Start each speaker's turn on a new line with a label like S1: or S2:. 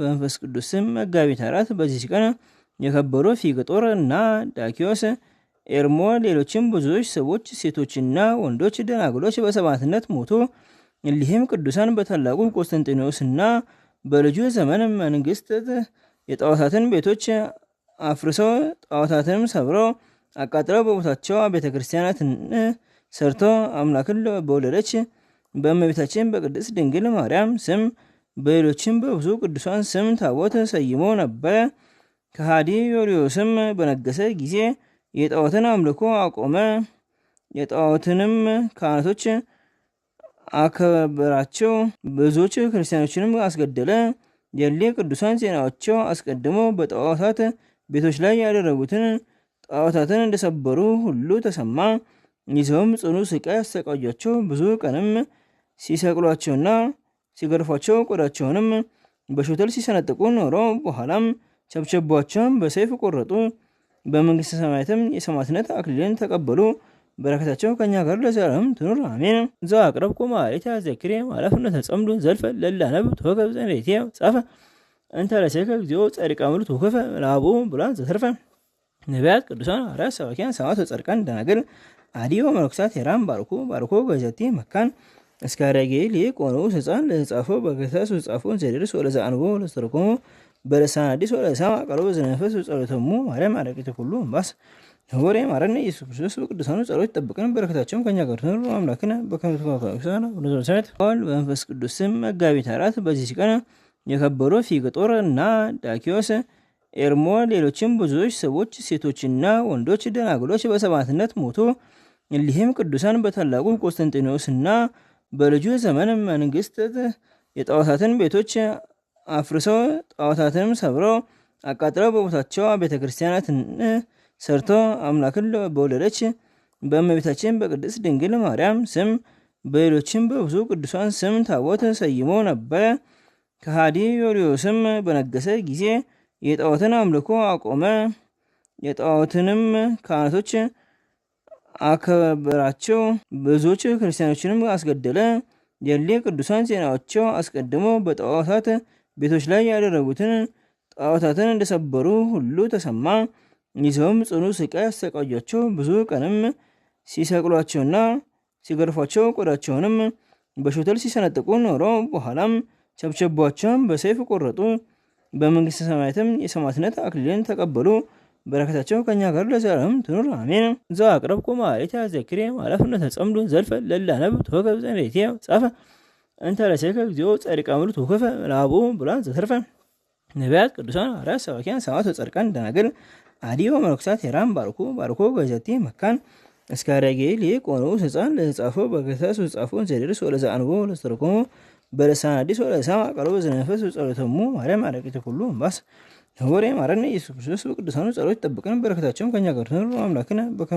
S1: በመንፈስ ቅዱስ ስም መጋቢት አራት በዚች ቀን የከበሩ ፊቅጦር እና ዳኪዎስ፣ ኤርሞ፣ ሌሎችም ብዙዎች ሰዎች ሴቶችና ወንዶች ደናግሎች በሰባትነት ሞቱ። እሊህም ቅዱሳን በታላቁ ቆስጠንጢኖስና በልጁ ዘመን መንግስት የጣዖታትን ቤቶች አፍርሰው ጣዖታትንም ሰብረው አቃጥለው በቦታቸው ቤተ ክርስቲያናትን ሰርተው አምላክን በወለደች በእመቤታችን በቅድስት ድንግል ማርያም ስም በሌሎችም በብዙ ቅዱሳን ስም ታቦት ሰይሞ ነበረ። ከሃዲ ዮርዮስም በነገሰ ጊዜ የጣዖትን አምልኮ አቆመ። የጣዖትንም ካህናቶች አከበራቸው፣ ብዙዎች ክርስቲያኖችንም አስገደለ። የሊ ቅዱሳን ዜናዎቸው አስቀድሞ በጣዖታት ቤቶች ላይ ያደረጉትን ጣዖታትን እንደሰበሩ ሁሉ ተሰማ። ይዘውም ጽኑ ስቃይ አሰቃያቸው። ብዙ ቀንም ሲሰቅሏቸውና ሲገርፏቸው ቆዳቸውንም በሾተል ሲሰነጥቁ ኖሮ በኋላም ቸብቸቧቸውን በሰይፍ ቆረጡ። በመንግስት ሰማያትም የሰማትነት አክሊልን ተቀበሉ። በረከታቸው ከኛ ጋር ለዘላለም ትኑር አሜን።
S2: እዛ አቅረብ ቆማ ዘክሬ ማላፍነት ተጸምዶ ዘልፈ ለላነብ ተወከብ ዘንዴቴ ጻፈ እንተ ለሴከ ጊዜው ጸሪቃ ምሉ ተወከፈ ላቡ ብላን ዘተርፈ ነቢያት፣ ቅዱሳን፣ አርያ ሰባኪያን፣ ሰማዕታት፣ ጻድቃን፣ ደናግል አዲ ወመነኮሳት ሄራን ባርኮ ባርኮ ገዘቲ መካን እስካረጌ ሊቅ ሆኖ ህፃን ለህፃፎ በክታስ ህፃፎን ዘደርስ ወለዛ አንቦ ለስተርኮሞ በለሳን አዲስ ወለሳ አቀሎ በዝነፈስ ጸሎተሙ ማርያም አረቂቱ ሁሉ እምባስ ወሬ ማረነ ኢየሱስ ክርስቶስ በቅዱሳኑ ጸሎት ይጠብቀን፣ በረከታቸውም ከኛ ጋር ትኑር። አምላክነ በከመትኳሳነት
S1: ል በመንፈስ ቅዱስም መጋቢት አራት በዚህ ሲቀን የከበሩ ፊቅጦር እና ዳኪዎስ ኤርሞ፣ ሌሎችም ብዙዎች ሰዎች ሴቶችና ወንዶች ደናግሎች በሰባትነት ሞቶ እሊህም ቅዱሳን በታላቁ ቆስተንጢኖስ ቆስጠንጢኖስና በልጁ ዘመን መንግስት የጣዖታትን ቤቶች አፍርሰው ጣዖታትንም ሰብረው አቃጥለው በቦታቸው ቤተ ክርስቲያናትን ሰርቶ አምላክን በወለደች በእመቤታችን በቅድስት ድንግል ማርያም ስም በሌሎችም በብዙ ቅዱሳን ስም ታቦት ሰይሞ ነበረ። ከሃዲ ዮርዮስም በነገሰ ጊዜ የጣዖትን አምልኮ አቆመ። የጣዖትንም ካህናቶች አከበራቸው፣ ብዙዎች ክርስቲያኖችንም አስገደለ። የሊቅ ቅዱሳን ዜናዎቸው አስቀድሞ በጣዖታት ቤቶች ላይ ያደረጉትን ጣዖታትን እንደሰበሩ ሁሉ ተሰማ። ይዘውም ጽኑ ስቃይ አሰቃያቸው። ብዙ ቀንም ሲሰቅሏቸውና ሲገርፏቸው ቆዳቸውንም በሾተል ሲሰነጥቁ ኖሮ በኋላም ቸብቸቧቸውን በሰይፍ ቆረጡ። በመንግስተ ሰማያትም የሰማዕትነት አክሊልን ተቀበሉ። በረከታቸው ከኛ ጋር ለዘላለም ትኑር አሜን።
S2: እዛ ቆማ ማሌታ ዘክሬ ማለፍነ ተጸምዶ ዘልፈ ለላነብ ተወከብ ዘንዴቴ ጻፈ እንተ ለሴከ ጊዜው ጸሪቃ ምሉ ተወከፈ ላቦ ብላን ዘተርፈ ነቢያት ቅዱሳን ሐዋርያት ሰባኪያን ሰማዕታት ጻድቃን ደናገል አዲ ወመነኮሳት ሄራን ባርኩ ባርኮ ገዘቲ መካን እስካረጌ ሊቅ ሆነው ህፃን ለተጻፈው በገታሱ ጻፎን ዘደርስ አንቦ ለተረኮሞ በልሳን አዲስ ወለሰማ ቀሎ በዝነፈስ ጸሎተሙ ማርያም አረቂት ሁሉ እምባስ ህወሬ ማረነ ኢየሱስ ክርስቶስ በቅዱሳኑ ጸሎት ይጠብቀን፣ በረከታቸውም ከኛ ጋር ትኑር አምላክነ